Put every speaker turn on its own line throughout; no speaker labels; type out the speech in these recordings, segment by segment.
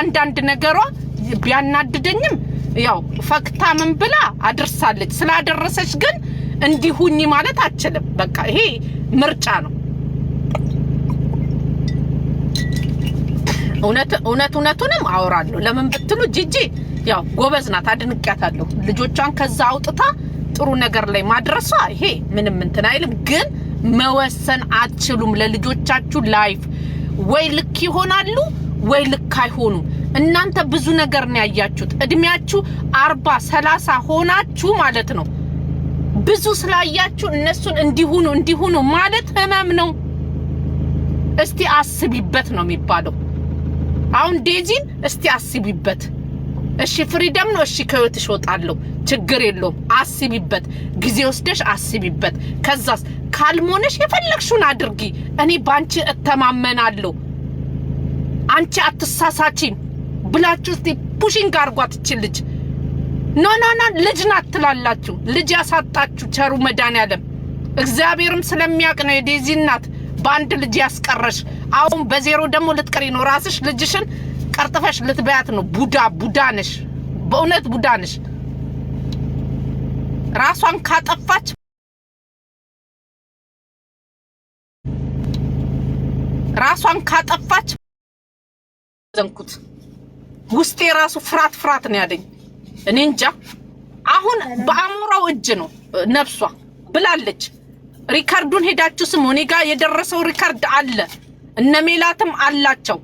አንዳንድ ነገሯ ቢያናድደኝም ያው ፈክታ ምን ብላ አድርሳለች። ስላደረሰች ግን እንዲሁኝ ማለት አችልም። በቃ ይሄ ምርጫ ነው። እውነት እውነት እውነቱንም አወራለሁ። ለምን ብትሉ ጂጂ ያው ጎበዝ ናት፣ ልጆቿን ከዛ አውጥታ ጥሩ ነገር ላይ ማድረሷ ይሄ ምንም እንትን አይልም። ግን መወሰን አትችሉም። ለልጆቻችሁ ላይፍ ወይ ልክ ይሆናሉ ወይ ልክ አይሆኑ። እናንተ ብዙ ነገር ነው ያያችሁት። እድሜያችሁ አርባ ሰላሳ ሆናችሁ ማለት ነው። ብዙ ስላያችሁ እነሱን እንዲሁኑ እንዲሁኑ ማለት ህመም ነው። እስቲ አስቢበት ነው የሚባለው። አሁን ዴዚን እስቲ አስቢበት። እሺ ፍሪደም ነው። እሺ ከህይወትሽ እወጣለሁ፣ ችግር የለውም። አስቢበት፣ ጊዜ ወስደሽ አስቢበት። ከዛስ ካልሞነሽ የፈለግሽውን አድርጊ። እኔ ባንቺ እተማመናለሁ አንቺ አትሳሳችን ብላችሁ እስቲ ፑሽንግ አርጓት ይችል ልጅ ኖ ኖ ኖ ልጅ ናት ትላላችሁ። ልጅ ያሳጣችሁ ቸሩ መድኃኔዓለም እግዚአብሔርም ስለሚያውቅ ነው የዴዚ እናት በአንድ ልጅ ያስቀረሽ። አሁን በዜሮ ደግሞ ልትቀሪ ነው። ራስሽ ልጅሽን ቀርጥፈሽ ልትበያት ነው። ቡዳ ቡዳ ነሽ፣ በእውነት ቡዳ ነሽ። ራሷን ካጠፋች ራሷን ካጠፋች ዘንኩት ውስጤ የራሱ ፍርሃት ፍራት ነው ያለኝ። እኔ እንጃ አሁን በአሞራው እጅ ነው ነፍሷ ብላለች። ሪካርዱን ሄዳችሁ ስሙ። እኔ ጋር የደረሰው ሪካርድ አለ፣ እነ ሜላትም አላቸው።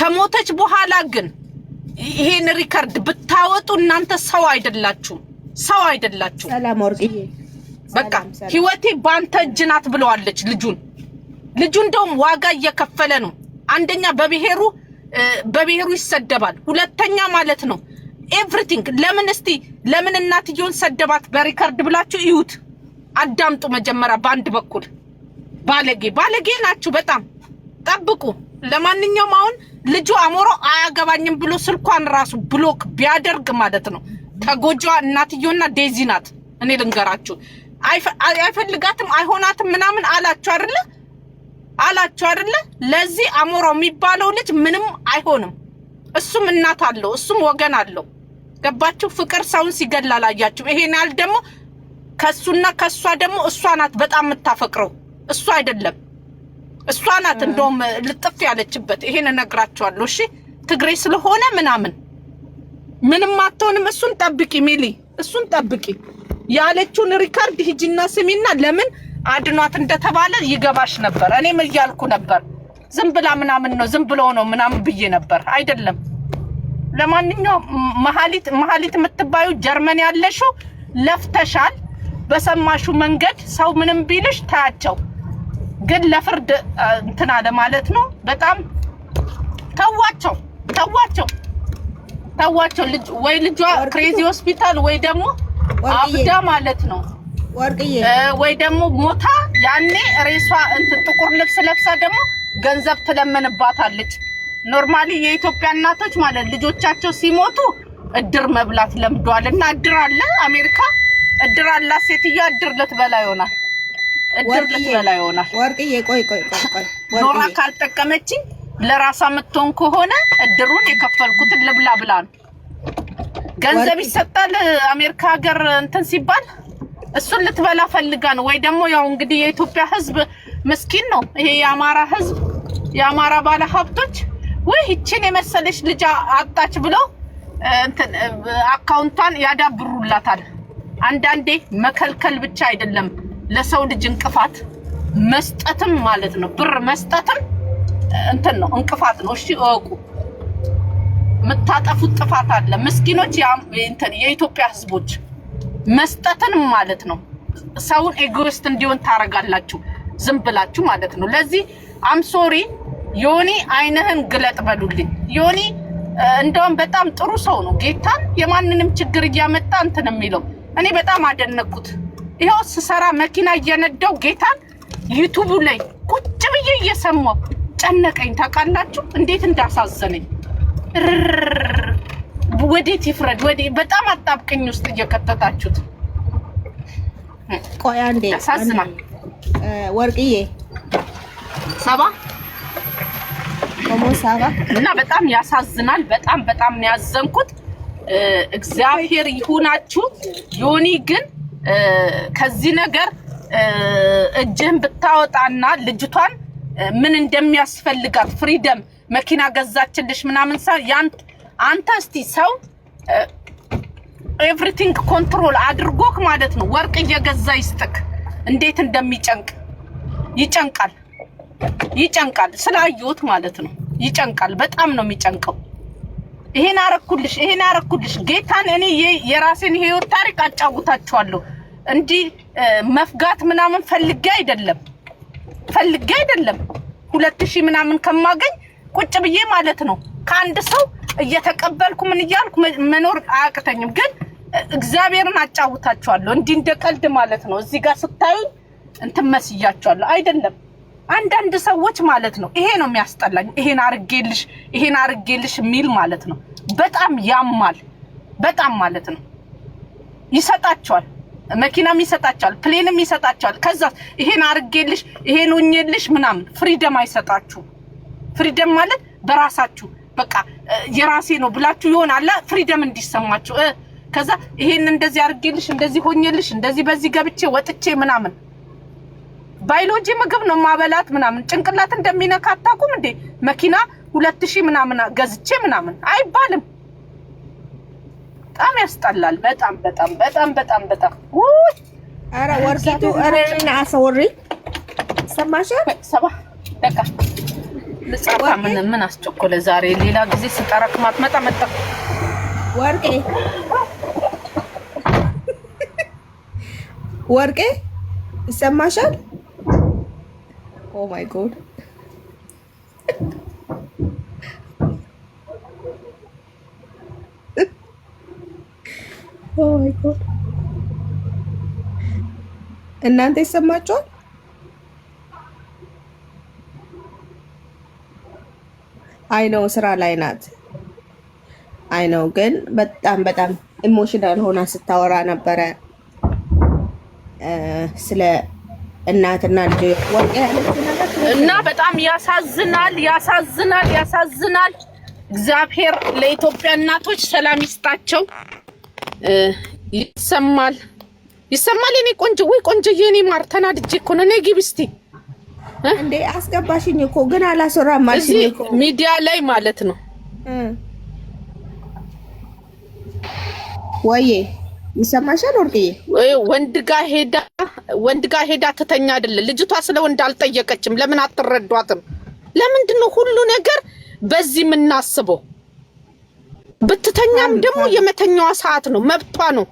ከሞተች በኋላ ግን ይሄን ሪካርድ ብታወጡ እናንተ ሰው አይደላችሁም፣ ሰው አይደላችሁም። በቃ ህይወቴ ባንተ እጅ ናት ብለዋለች። ልጁን ልጁ እንደውም ዋጋ እየከፈለ ነው አንደኛ በብሔሩ በብሔሩ ይሰደባል። ሁለተኛ ማለት ነው ኤቭሪቲንግ። ለምን እስቲ ለምን እናትየውን ሰደባት በሪከርድ ብላችሁ እዩት፣ አዳምጡ። መጀመሪያ በአንድ በኩል ባለጌ ባለጌ ናችሁ በጣም ጠብቁ። ለማንኛውም አሁን ልጁ አሞሮ አያገባኝም ብሎ ስልኳን ራሱ ብሎክ ቢያደርግ ማለት ነው ተጎጂዋ እናትየውና ዴዚ ናት። እኔ ልንገራችሁ አይፈልጋትም አይሆናትም ምናምን አላችሁ አይደለ አላቸው አይደለ? ለዚህ አሞራው የሚባለው ልጅ ምንም አይሆንም። እሱም እናት አለው፣ እሱም ወገን አለው። ገባችሁ? ፍቅር ሰውን ሲገላ ላያችሁ። ይሄን ያህል ደግሞ ከሱና ከሷ ደግሞ እሷ ናት በጣም የምታፈቅረው እሱ አይደለም፣ እሷ ናት። እንደውም ልጥፍ ያለችበት ይሄን እነግራችኋለሁ። እሺ ትግሬ ስለሆነ ምናምን ምንም አትሆንም። እሱን ጠብቂ ሚሊ፣ እሱን ጠብቂ ያለችውን ሪካርድ ሂጂና ስሚና ለምን አድኗት እንደተባለ ይገባሽ ነበር። እኔም እያልኩ ነበር ዝም ብላ ምናምን ነው ዝም ብሎ ነው ምናምን ብዬ ነበር። አይደለም ለማንኛውም መሀሊት መሀሊት የምትባዩ ጀርመን ያለሽው ለፍተሻል። በሰማሹ መንገድ ሰው ምንም ቢልሽ ታያቸው፣ ግን ለፍርድ እንትና ለማለት ነው። በጣም ተዋቸው፣ ተዋቸው፣ ተዋቸው። ወይ ልጇ ክሬዚ ሆስፒታል ወይ ደግሞ አብዳ ማለት ነው። ወይ ደግሞ ሞታ ያኔ ሬሷ እንትን ጥቁር ልብስ ለብሳ ደግሞ ገንዘብ ትለምንባታለች። ኖርማሊ የኢትዮጵያ እናቶች ማለት ልጆቻቸው ሲሞቱ እድር መብላት ለምደዋል። እና እድር አለ አሜሪካ እድር አለ ሴትዮዋ እድር ልትበላ ይሆናል እድር ልትበላ ይሆናል።
ወርቅዬ ቆይ ቆይ ቆይ ቆይ
ኖራ ካልጠቀመችኝ ለራሷ የምትሆን ከሆነ እድሩን የከፈልኩትን ልብላ ብላ ነው ገንዘብ ይሰጣል አሜሪካ ሀገር እንትን ሲባል እሱን ልትበላ ፈልጋ ነው ወይ ደግሞ ያው እንግዲህ የኢትዮጵያ ህዝብ ምስኪን ነው። ይሄ የአማራ ህዝብ የአማራ ባለ ሀብቶች ወይ ይችን የመሰለች ልጅ አጣች ብሎ አካውንቷን ያዳብሩላታል። አንዳንዴ መከልከል ብቻ አይደለም ለሰው ልጅ እንቅፋት መስጠትም ማለት ነው። ብር መስጠትም እንትን ነው እንቅፋት ነው። እሺ እወቁ። የምታጠፉት ጥፋት አለ ምስኪኖች የኢትዮጵያ ህዝቦች መስጠትን ማለት ነው። ሰውን ኤጎይስት እንዲሆን ታረጋላችሁ ዝም ብላችሁ ማለት ነው። ለዚህ አምሶሪ ዮኒ አይንህን ግለጥ በሉልኝ። ዮኒ እንደውም በጣም ጥሩ ሰው ነው። ጌታን የማንንም ችግር እያመጣ እንትን የሚለው እኔ በጣም አደነኩት ይኸው ስሰራ መኪና እየነዳው ጌታን ዩቱቡ ላይ ቁጭ ብዬ እየሰማው ጨነቀኝ። ታውቃላችሁ እንዴት እንዳሳዘነኝ ወዴት ይፍረድ? ወዴ በጣም አጣብቅኝ ውስጥ እየከተታችሁት።
ቆይ አንዴ ወርቅዬ
ሰባ እና በጣም ያሳዝናል። በጣም በጣም ነው ያዘንኩት። እግዚአብሔር ይሁናችሁ። ዮኒ ግን ከዚህ ነገር እጅህን ብታወጣና ልጅቷን ምን እንደሚያስፈልጋት ፍሪደም መኪና ገዛችልሽ ምናምን ሳ አንተ እስቲ ሰው ኤቭሪቲንግ ኮንትሮል አድርጎክ ማለት ነው ወርቅ እየገዛ ይስጥክ። እንዴት እንደሚጨንቅ ይጨንቃል፣ ይጨንቃል። ስላየሁት ማለት ነው ይጨንቃል። በጣም ነው የሚጨንቀው። ይሄን አረኩልሽ፣ ይሄን አረኩልሽ። ጌታን እኔ የራሴን ህይወት ታሪክ አጫውታችኋለሁ። እንዲህ መፍጋት ምናምን ፈልጌ አይደለም ፈልጌ አይደለም። ሁለት ሺህ ምናምን ከማገኝ ቁጭ ብዬ ማለት ነው ከአንድ ሰው እየተቀበልኩ ምን እያልኩ መኖር አያቅተኝም። ግን እግዚአብሔርን አጫውታቸዋለሁ እንዲህ እንደ ቀልድ ማለት ነው። እዚህ ጋር ስታዩኝ እንትን መስያቸዋለሁ አይደለም። አንዳንድ ሰዎች ማለት ነው ይሄ ነው የሚያስጠላኝ። ይሄን አርጌልሽ ይሄን አርጌልሽ የሚል ማለት ነው በጣም ያማል። በጣም ማለት ነው ይሰጣቸዋል፣ መኪናም ይሰጣቸዋል፣ ፕሌንም ይሰጣቸዋል። ከዛ ይሄን አርጌልሽ ይሄን ሆኜልሽ ምናምን ፍሪደም አይሰጣችሁ። ፍሪደም ማለት በራሳችሁ በቃ የራሴ ነው ብላችሁ ይሆን አለ ፍሪደም እንዲሰማችሁ። ከዛ ይሄን እንደዚህ አድርጌልሽ፣ እንደዚህ ሆኜልሽ፣ እንደዚህ በዚህ ገብቼ ወጥቼ ምናምን ባዮሎጂ ምግብ ነው ማበላት ምናምን ጭንቅላት እንደሚነካ አታውቁም እንዴ? መኪና ሁለት ሺህ ምናምን ገዝቼ ምናምን አይባልም። በጣም ያስጠላል። በጣም በጣም በጣም በጣም በጣም
ኧረ ወርቂቱ ኧረ አሰወሪ ሰማሽ
ሰባ ደቃ ልጻፋ። ምን ምን አስቸኮለ ዛሬ? ሌላ ጊዜ ስጠራክ ማትመጣ መጣ።
ወርቄ ወርቄ ይሰማሻል? ኦ ማይ ጎድ እናንተ ይሰማችኋል? አይነው ስራ ላይ ናት። አይነው ግን በጣም በጣም ኢሞሽናል ሆና ስታወራ ነበረ ስለ እናትና ልጅ
እና በጣም ያሳዝናል፣ ያሳዝናል፣ ያሳዝናል። እግዚአብሔር ለኢትዮጵያ እናቶች ሰላም ይስጣቸው። ይሰማል፣ ይሰማል። የኔ ቆንጆ ወይ ቆንጆዬ፣ የኔ ማር ተናድጄ እኮ ነው። ነይ ግቢ እስቲ
እንዴ አስገባሽኝ እኮ ግን አላስወራም አልሽኝ እኮ
ሚዲያ ላይ ማለት ነው
ወዬ ይሰማሻል ወርቅዬ?
ወንድ ጋ ሄዳ ወንድ ሄዳ ትተኛ አይደለ? ልጅቷ ስለ ወንድ አልጠየቀችም። ለምን አትረዷትም? ለምንድን ነው ሁሉ ነገር በዚህ የምናስበው? ብትተኛም ደግሞ የመተኛዋ ሰዓት ነው። መብቷ ነው።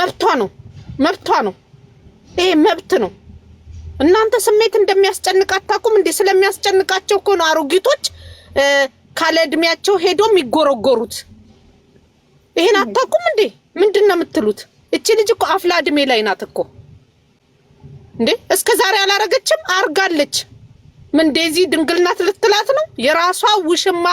መብቷ ነው። መብቷ ነው። ይሄ መብት ነው። እናንተ ስሜት እንደሚያስጨንቅ አታውቁም እንዴ? ስለሚያስጨንቃቸው እኮ ነው አሮጊቶች ካለ እድሜያቸው ሄዶ የሚጎረጎሩት። ይሄን አታውቁም እንዴ? ምንድን ነው የምትሉት? እቺ ልጅ እኮ አፍላ እድሜ ላይ ናት እኮ እንዴ! እስከ ዛሬ አላረገችም፣ አርጋለች። ምን ዴዚ ድንግልናት ልትላት ነው? የራሷ ውሽማ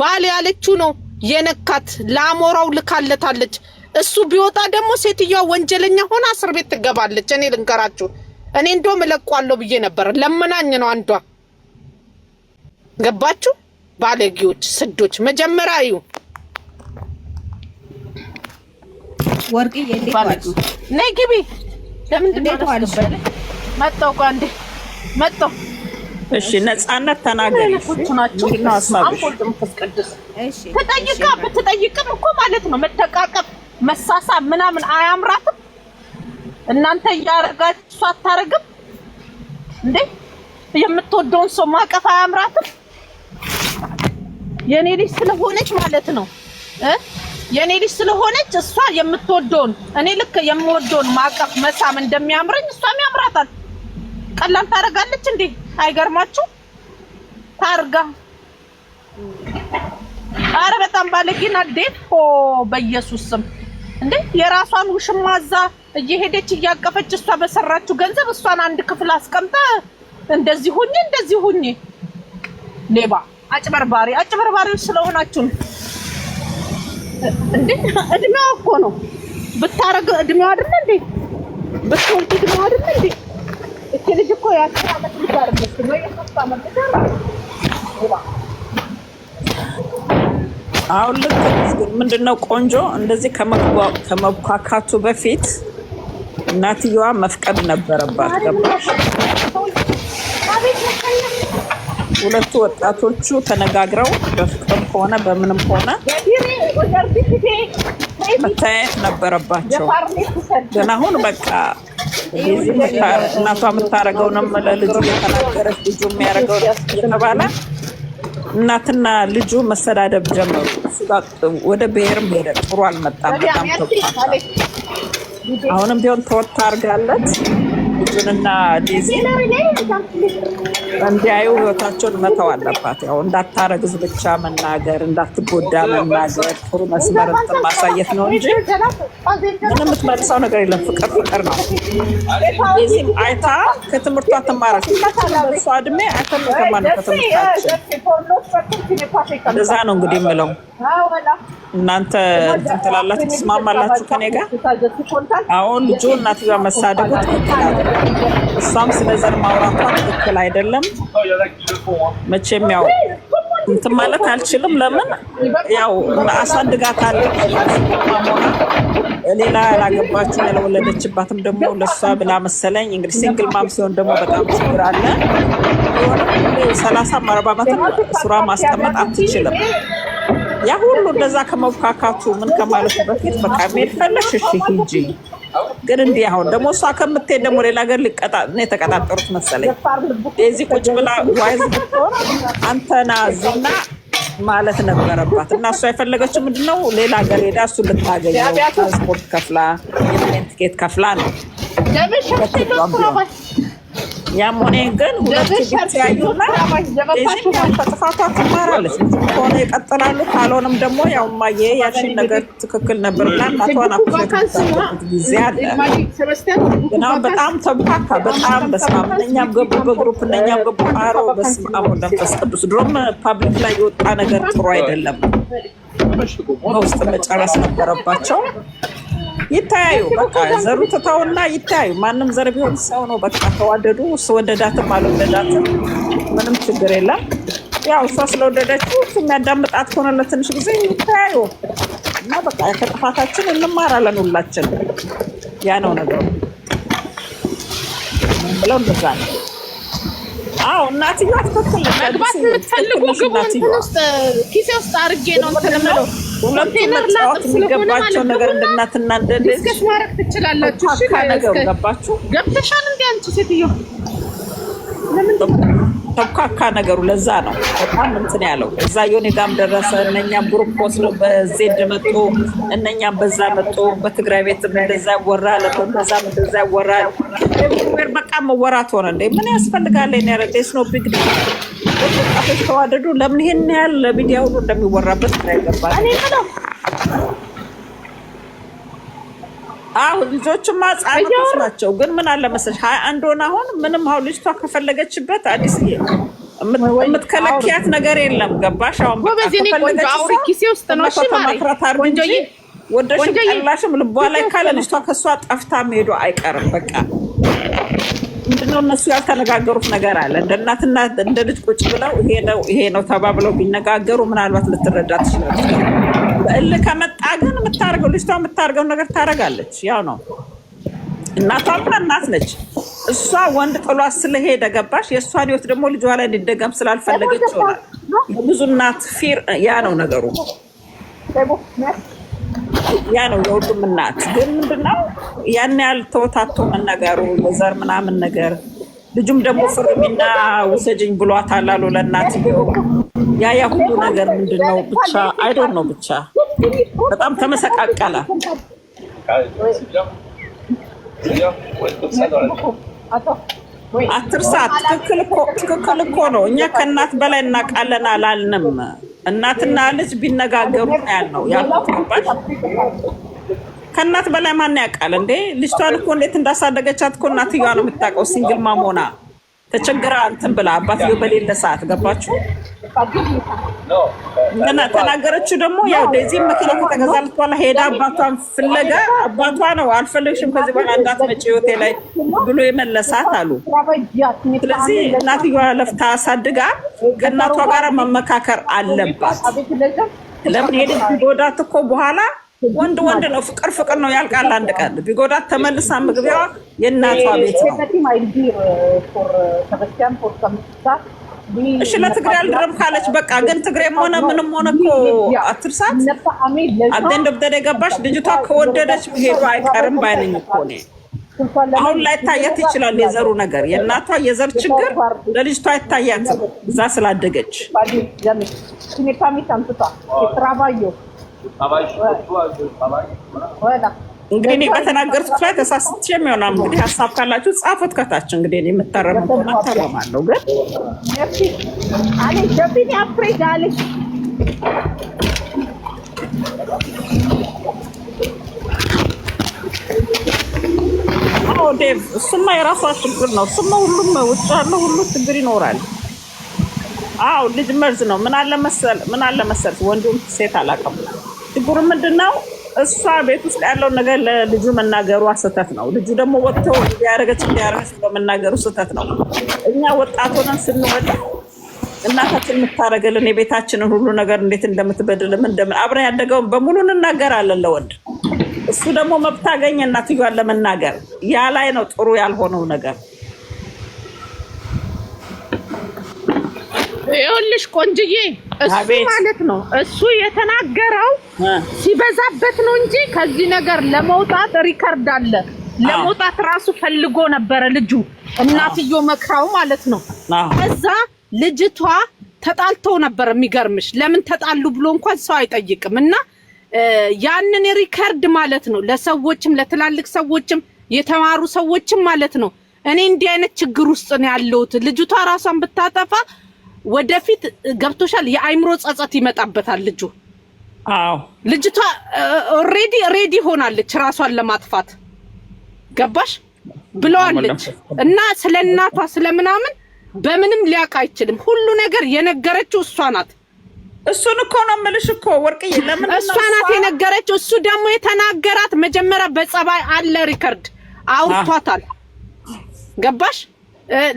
ባል ያለችው ነው የነካት። ለአሞራው ልካለታለች። እሱ ቢወጣ ደግሞ ሴትዮዋ ወንጀለኛ ሆና እስር ቤት ትገባለች። እኔ ልንገራችሁ እኔ እንደውም እለቋለሁ ብዬ ነበር። ለመናኝ ነው አንዷ። ገባችሁ? ባለጌዎች፣ ስዶች። መጀመሪያ እዩ
ወርቅ ነይ ግቢ። ለምንድን ነው መጣሁ እኮ አንዴ መጣሁ። እሺ ነፃነት ተናገሪ።
ተጠይቃ ብትጠይቅም እኮ ማለት ነው መተቃቀፍ፣ መሳሳ ምናምን አያምራትም። እናንተ እያረጋችሁ እሷ አታረግም እንዴ? የምትወደውን ሰው ማቀፍ አያምራትም? የኔ ልጅ ስለሆነች ማለት ነው እ የኔ ልጅ ስለሆነች እሷ የምትወደውን እኔ ልክ የምወደውን ማቀፍ መሳም እንደሚያምረኝ እሷም ያምራታል። ቀላል ታረጋለች እንዴ? አይገርማችሁ? ታርጋ አረ በጣም ባለጌና ዴት ኦ በኢየሱስ ስም እንዴ የራሷን ውሽማዛ እየሄደች እያቀፈች እሷ በሰራችው ገንዘብ እሷን አንድ ክፍል አስቀምጣ እንደዚህ ሁኝ እንደዚህ ሁኝ። ሌባ፣ አጭበርባሪ አጭበርባሪዎች ስለሆናችሁ ነው እንዴ? እድሜዋ እኮ ነው ብታረግ እድሜዋ አይደለ እንዴ? ብትወልድ እድሜዋ አይደለ እንዴ? እቺ ልጅ እኮ የአስር ዓመት ልጅ አይደለች ነው የሶስት ዓመት ልጅ
ሌባ አሁን ልክ ምንድነው ቆንጆ እንደዚህ ከመብኳካቱ በፊት እናትየዋ መፍቀድ ነበረባት። ገባሽ? ሁለቱ ወጣቶቹ ተነጋግረው በፍቅርም ከሆነ በምንም ከሆነ መታየት ነበረባቸው። ግን አሁን በቃ እናቷ የምታደርገውንም ለልጁ የተናገረች ልጁ የሚያደርገው የተባለ እናትና ልጁ መሰዳደብ ጀመሩ። ወደ ብሔርም ሄደ። ጥሩ አልመጣም። በጣም ተቋ አሁንም ቢሆን ተወት ታርጋለት ልጁንና እንዲያዩ ህይወታቸውን መተው አለባት። ያው እንዳታረግዝ ብቻ መናገር፣ እንዳትጎዳ መናገር፣ ጥሩ መስመር እንትን ማሳየት ነው እንጂ ምን የምትመልሰው ነገር የለም። ፍቅር ፍቅር ነው። አይታ ከትምህርቷ ትማራች። በእሷ እድሜ አይተመተማ ከማነው ከትምህርታችን። እዛ ነው እንግዲህ የምለው እናንተ ትላላችሁ፣ ትስማማላችሁ ከኔ ጋር? አሁን ልጁ እናትዮዋ መሳደቡ ትክክል አይደለም። እሷም ስለ ዘር ማውራቷ ትክክል አይደለም። መቼም ያው እንትን ማለት አልችልም። ለምን ያው አሳድጋታለሁ። ሌላ ያላገባችሁ ያልወለደችባትም ደግሞ ለእሷ ብላ መሰለኝ እንግዲህ ሲንግል ማም ሲሆን ደግሞ በጣም ችግር አለ። ሰላሳ አርባ ዓመት ሱራ ማስቀመጥ አትችልም። ያ ሁሉ እንደዛ ከመብካካቱ ምን ከማለቱ በፊት በቃ መሄድ ፈለሽ እሺ ሂጂ። ግን እንዲህ አሁን ደግሞ እሷ ከምትሄድ ደግሞ ሌላ ሀገር የተቀጣጠሩት መሰለኝ የዚህ ቁጭ ብላ ዋይዝ ብትሆን አንተና ዝና ማለት ነበረባት እና እሷ የፈለገችው ምንድነው ሌላ ሀገር ሄዳ እሱ ልታገኘው ትራንስፖርት ከፍላ የፕሌን ትኬት ከፍላ ነው። ያም ሆነ ግን ሁለት ጥፋቷ ትማራለች። ከሆነ ይቀጥላሉ፣ ካልሆነም ደግሞ ያው እማዬ ያልሽኝ ነገር ትክክል ነበር እና እናቷን አፍሽበት ጊዜ አለ። ግን አሁን በጣም ተብካካ፣ በጣም በስመ አብ እነኛም ገቡ በግሩፕ እነኛም ገቡ። አሮ በስመ አብ ወወልድ ቅዱስ። ድሮም ፓብሊክ ላይ የወጣ ነገር ጥሩ አይደለም፣ በውስጥ መጨረስ ነበረባቸው። ይታያዩ። በቃ ዘሩ ትተውና ይታያዩ። ማንም ዘር ቢሆን ሰው ነው። በቃ ተዋደዱ። እሱ ወደዳትም አልወደዳትም ምንም ችግር የለም። ያው እሷ ስለወደደችው የሚያዳምጣት ከሆነ ለትንሽ ጊዜ ይታያዩ እና በቃ ከጥፋታችን እንማራለን ሁላችን። ያ ነው ነገሩ ብለው እንደዛ ነው። አዎ እናትየዋ ትክክል።
መግባት የምትፈልጉ ግቡ። እንትን ውስጥ ኪሴ ውስጥ አድርጌ ነው እንትን የምለው
ሁለቱም መጫወት የሚገባቸው ነገር እንደናትና እንደልጅ
ማድረግ ትችላላችሁ።
ነገሩ ገባችሁ
ገብተሻል። እንደ አንቺ ሴትዮ
ተብካካ ነገሩ ለዛ ነው በጣም እንትን ያለው። እዛ ዮኒ ጋም ደረሰ። እነኛም ብሩክ ወስዶ በዜድ መጡ፣ እነኛም በዛ መጡ። በትግራይ ቤትም እንደዛ ይወራል፣ በዛም እንደዛ ይወራል። በቃ መወራት ሆነ እንዴ! ምን ያስፈልጋል? ኔ ስ ኖ ቢግ ወጣቶች ተዋደዱ። ለምን ይሄን ያህል ለሚዲያ ሁሉ እንደሚወራበት ግራ ይገባል። ልጆችማ ህጻናቶች ናቸው። ግን ምን አለ መሰለሽ ሀያ አንድ ሆነ። አሁን ምንም አሁን ልጅቷ ከፈለገችበት አዲስ የምትከለኪያት ነገር የለም። ገባሽ? አሁን ተመክራት አርግ ጠላሽም ልቧ ላይ ካለ ልጅቷ ከእሷ ጠፍታ መሄዷ አይቀርም በቃ ምንድነው እነሱ ያልተነጋገሩት ነገር አለ። እንደ እናትና እንደ ልጅ ቁጭ ብለው ይሄ ነው ይሄ ነው ተባብለው ቢነጋገሩ ምናልባት ልትረዳ ትችላለች። በእልህ ከመጣ ግን የምታደርገው ልጅቷ የምታደርገው ነገር ታደርጋለች። ያው ነው እናቷም እናት ነች። እሷ ወንድ ጥሏ ስለሄደ ገባሽ፣ የእሷን ህይወት ደግሞ ልጇ ላይ እንዲደገም ስላልፈለገች ይሆናል። ብዙ እናት ፊር ያ ነው ነገሩ። ያ ነው የሁሉም እናት። ግን ምንድነው ያን ያህል ተወታቶ መነገሩ የዘር ምናምን ነገር ልጁም ደግሞ ፍርሚና ውሰጅኝ ብሏታል አሉ ለእናት ያ ያ ሁሉ ነገር ምንድነው ብቻ አይዶን ነው ብቻ በጣም ተመሰቃቀለ። አትርሳት። ትክክል እኮ ነው። እኛ ከእናት በላይ እናውቃለን አላልንም። እናትና ልጅ ቢነጋገሩ ያልነው ያልኩት ከእናት በላይ ማን ያውቃል እንዴ? ልጅቷን እኮ እንዴት እንዳሳደገቻት እኮ እናትየዋ ነው የምታውቀው፣ ሲንግል ማሞና ተቸገረ እንትን ብላ አባትየው በሌለ ሰዓት ገባችሁ ተናገረችው። ደግሞ ያው ደዚህ መኪና ከተገዛለት በኋላ ሄዳ አባቷን ፍለጋ አባቷ ነው አልፈለግሽም ከዚህ በኋላ እንዳትመጪ ህይወቴ ላይ ብሎ የመለሳት አሉ። ስለዚህ እናትዮዋ ለፍታ አሳድጋ ከእናቷ ጋር መመካከር አለባት። ለምን ሄድ ጎዳት እኮ በኋላ ወንድ ወንድ ነው። ፍቅር ፍቅር ነው ያልቃል። አንድ ቀን ቢጎዳት ተመልሳ ምግቢያ የእናቷ ቤት ነው። እሺ ለትግሬ አልድረም ካለች በቃ። ግን ትግሬም ሆነ ምንም ሆነ እኮ አትርሳት። አደንድ ብደደ ገባሽ። ልጅቷ ከወደደች መሄዱ አይቀርም ባይነኝ እኮ እኔ አሁን ላይ ታያት ይችላል። የዘሩ ነገር የእናቷ የዘር ችግር ለልጅቷ አይታያትም እዛ ስላደገች እንግዲህ እኔ በተናገርኩት ላይ ተሳስቼ የሚሆና እንግዲህ ሀሳብ ካላችሁ ጻፉት ከታች። እንግዲህ እኔ የምታረምበት አታረማለሁ ግን ዴቭ እሱማ የራሷ ችግር ነው። እሱማ ሁሉም ውጭ ያለ ሁሉ ችግር ይኖራል። አዎ ልጅ መርዝ ነው። ምን አለ መሰል ምን አለ መሰል ወንዱም ሴት አላውቅም ችግሩ ምንድን ነው? እሷ ቤት ውስጥ ያለውን ነገር ለልጁ መናገሩ ስህተት ነው። ልጁ ደግሞ ወጥቶ ያደረገች እንዲያደረገች በመናገሩ ስህተት ነው። እኛ ሆነን ስንወጣ እናታችን የምታደርግልን የቤታችንን ሁሉ ነገር እንዴት እንደምትበድልም እንደምን አብረን ያደገውን በሙሉ እንናገራለን ለወንድ እሱ ደግሞ መብት አገኘ እናትዮዋን ለመናገር። ያ ላይ ነው ጥሩ ያልሆነው ነገር።
ይኸውልሽ ቆንጅዬ እሱ ማለት ነው እሱ የተናገረው ሲበዛበት ነው እንጂ ከዚህ ነገር ለመውጣት ሪከርድ አለ። ለመውጣት ራሱ ፈልጎ ነበረ ልጁ እናትዮ መክራው ማለት ነው። ከዛ ልጅቷ ተጣልተው ነበር። የሚገርምሽ ለምን ተጣሉ ብሎ እንኳን ሰው አይጠይቅም። እና ያንን ሪከርድ ማለት ነው ለሰዎችም ለትላልቅ ሰዎችም የተማሩ ሰዎችም ማለት ነው እኔ እንዲህ አይነት ችግር ውስጥ ነው ያለሁት ልጅቷ ራሷን ብታጠፋ ወደፊት ገብቶሻል። የአይምሮ ጸጸት ይመጣበታል ልጁ። አዎ ልጅቷ ኦልሬዲ ሬዲ ሆናለች ራሷን ለማጥፋት ገባሽ ብለዋለች። እና ስለ እናቷ ስለምናምን በምንም ሊያውቅ አይችልም። ሁሉ ነገር የነገረችው እሷ ናት።
እሱን እኮ ነው የምልሽ እኮ ወርቅዬ፣ ለምን
እሷ ናት የነገረችው። እሱ ደግሞ የተናገራት መጀመሪያ በጸባይ አለ ሪከርድ አውርቷታል። ገባሽ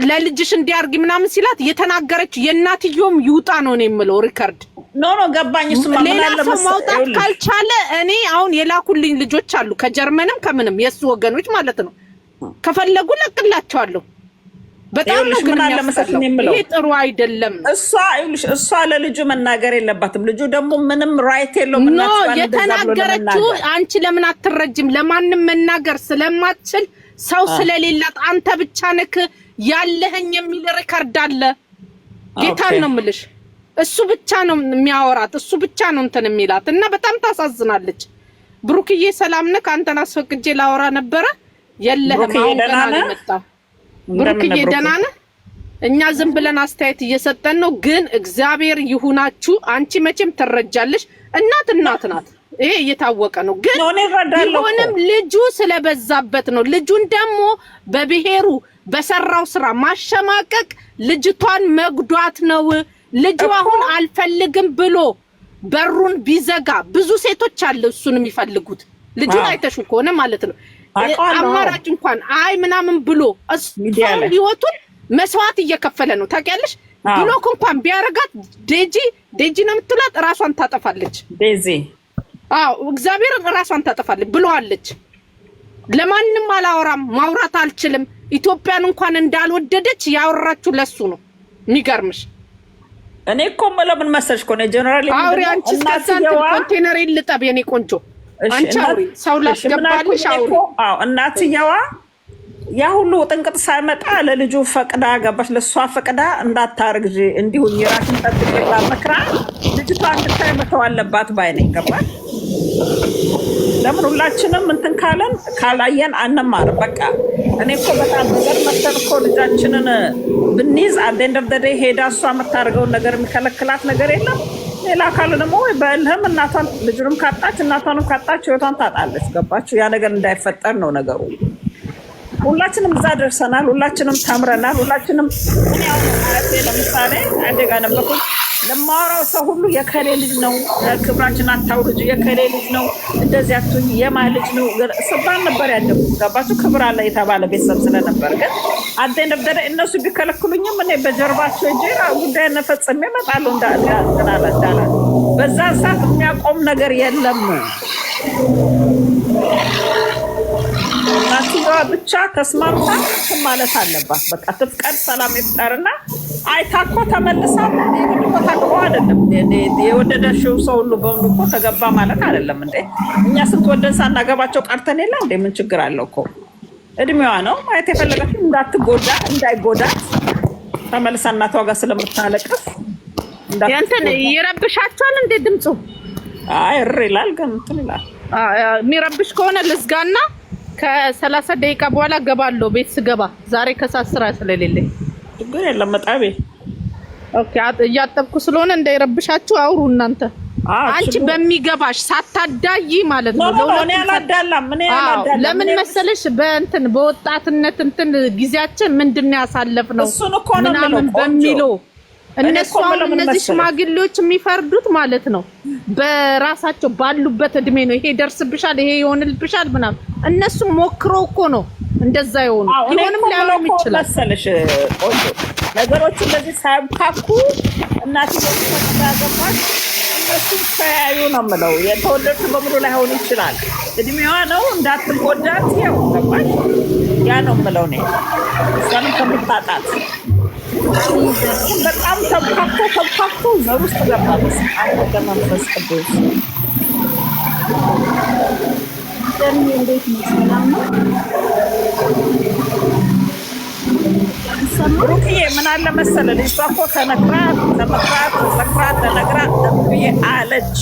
ለልጅሽ እንዲያርግ ምናምን ሲላት የተናገረች የእናትዮም ይውጣ ነው ኔ የምለው። ሪከርድ ኖ ኖ ገባኝ። ሌላ ሰው ማውጣት ካልቻለ እኔ አሁን የላኩልኝ ልጆች አሉ ከጀርመንም ከምንም የእሱ ወገኖች ማለት ነው። ከፈለጉ ለቅላቸዋለሁ። በጣም ነው
ግን ይሄ
ጥሩ አይደለም።
እሷ ይኸውልሽ እሷ ለልጁ መናገር የለባትም። ልጁ ደግሞ ምንም ራይት የለውም። ኖ
የተናገረችው አንቺ ለምን አትረጅም? ለማንም መናገር ስለማትችል ሰው ስለሌላት አንተ ብቻ ነክ ያለህኝ የሚል ሪከርድ አለ። ጌታን ነው የምልሽ። እሱ ብቻ ነው የሚያወራት፣ እሱ ብቻ ነው እንትን የሚላት እና በጣም ታሳዝናለች። ብሩክዬ ሰላም ነህ? ከአንተን አስፈቅጄ ላወራ ነበረ የለህም። አሁን ገና ብሩክዬ ደህና ነህ? እኛ ዝም ብለን አስተያየት እየሰጠን ነው። ግን እግዚአብሔር ይሁናችሁ። አንቺ መቼም ትረጃለሽ። እናት እናት ናት፣ ይሄ እየታወቀ ነው። ግን ቢሆንም ልጁ ስለበዛበት ነው። ልጁን ደግሞ በብሔሩ በሰራው ስራ ማሸማቀቅ ልጅቷን መጉዳት ነው። ልጁ አሁን አልፈልግም ብሎ በሩን ቢዘጋ ብዙ ሴቶች አለ እሱን የሚፈልጉት ልጁን አይተሹ ከሆነ ማለት ነው። አማራጭ እንኳን አይ ምናምን ብሎ ህይወቱን መስዋዕት እየከፈለ ነው። ታውቂያለሽ፣ ብሎክ እንኳን ቢያረጋት ዴጂ ዴጂ ነው የምትላት ራሷን ታጠፋለች። ዴዚ አዎ፣ እግዚአብሔርን ራሷን ታጠፋለች ብለዋለች። ለማንም አላወራም፣ ማውራት አልችልም። ኢትዮጵያን እንኳን እንዳልወደደች ያወራችሁ ለሱ ነው። የሚገርምሽ
እኔ እኮ የምለው ምን መሰልሽ እኮ ጀነራል
አውሪ አንቺ። እስከዛን ኮንቴነር ልጠብ የኔ ቆንጆ። አንቺ አውሪ፣ ሰው ላስገባልሽ አውሪ።
እናትየዋ ያ ሁሉ ጥንቅጥ ሳይመጣ ለልጁ ፈቅዳ ገባች። ለእሷ ፈቅዳ እንዳታርግ እንዲሁም የራሽን ጠብቅ መክራ ልጅቷ እንድታይ መተው አለባት ባይ ነው። ይገባል ለምን ሁላችንም እንትን ካለን ካላየን አንማር። በቃ እኔ እኮ በጣም ነገር መተን እኮ ልጃችንን ብንይዝ አንዴንደርደደ ሄዳ እሷ የምታደርገውን ነገር የሚከለክላት ነገር የለም። ሌላ አካል ደግሞ በእልህም እናቷን ልጁንም ካጣች እናቷንም ካጣች ህይወቷን ታጣለች። ገባችሁ? ያ ነገር እንዳይፈጠር ነው ነገሩ። ሁላችንም እዛ ደርሰናል። ሁላችንም ተምረናል። ሁላችንም ማለት ለምሳሌ አደጋ ነበርኩ ለማወራው ሰው ሁሉ የከሌ ልጅ ነው፣ ክብራችን አታውርጁ፣ የከሌ ልጅ ነው፣ እንደዚህ አትሁኝ፣ የማ ልጅ ነው ስባል ነበር ያለው። ገባችሁ? ክብር አለ የተባለ ቤተሰብ ስለነበር ግን አደን ደብደረ እነሱ ቢከለክሉኝም እኔ በጀርባቸው እጄ ጉዳይ ነፈጽሜ እመጣለሁ እንዳለ እንዳለ በዛ ሰዓት የሚያቆም ነገር የለም። እናትየዋ ብቻ ተስማምታ ማለት አለባት። በቃ ትፍቀድ፣ ሰላም ይፍጠርና አይታ እኮ ተመልሳ እኮ ታቅቦ አይደለም የወደደሽው ሰው ሁሉ በሙሉ እኮ ተገባ ማለት አይደለም እንዴ። እኛ ስንት ወደን ሳናገባቸው ቀርተን የለ እንዴ? ምን ችግር አለው እኮ እድሜዋ ነው ማየት የፈለገች እንዳትጎዳ እንዳይጎዳት ተመልሳ እናቷ ጋር ስለምታለቅስ እንትን ይረብሻቸዋል እንዴ ድምፁ? አይ እር ይላል ግን እንትን ይላል። የሚረብሽ ከሆነ ልዝጋና ከሰላሳ ደቂቃ በኋላ ገባለሁ። ቤት ስገባ ዛሬ ከሳት ስራ ስለሌለኝ ችግር የለም። መጣቤ እያጠብኩ ስለሆነ እንዳይረብሻችሁ አውሩ እናንተ። አንቺ በሚገባሽ ሳታዳይ ማለት ነው። ለምን መሰለሽ በእንትን በወጣትነት እንትን ጊዜያችን ምንድን ነው ያሳለፍ ነው ምናምን በሚለው እነሱ አሁን እነዚህ ሽማግሌዎች የሚፈርዱት ማለት ነው በራሳቸው ባሉበት እድሜ ነው። ይሄ ይደርስብሻል፣ ይሄ ይሆንልብሻል ምናምን እነሱ ሞክረው እኮ ነው እንደዛ የሆኑ ይሆንም ሊያለም ይችላል መሰለሽ። ቆንጆ ነገሮች እንደዚህ ሳይካኩ እናት ያገባች እነሱ ተያዩ ነው የምለው። የተወለዱ በሙሉ ላይሆን ይችላል። እድሜዋ ነው እንዳትጎዳት፣ ያው ገባች። ያ ነው የምለው እኔ እሷንም ከምታጣት በጣም ተብካቶ ተብካቶ ዘር ውስጥ ገባ። አንተ መንፈስ ቅዱስ ደሚ እንዴት ነው? ሰላም ነው? ሩቅዬ ምን አለ መሰለህ እሷ እኮ ተነግራ ተመክራ ተዘክራ ተነግራ ብዬ አለች።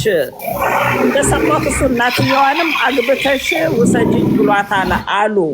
እንደሰማሁት እሱ እናትየዋንም አግብተሽ ውሰጂኝ ብሏታል አሉ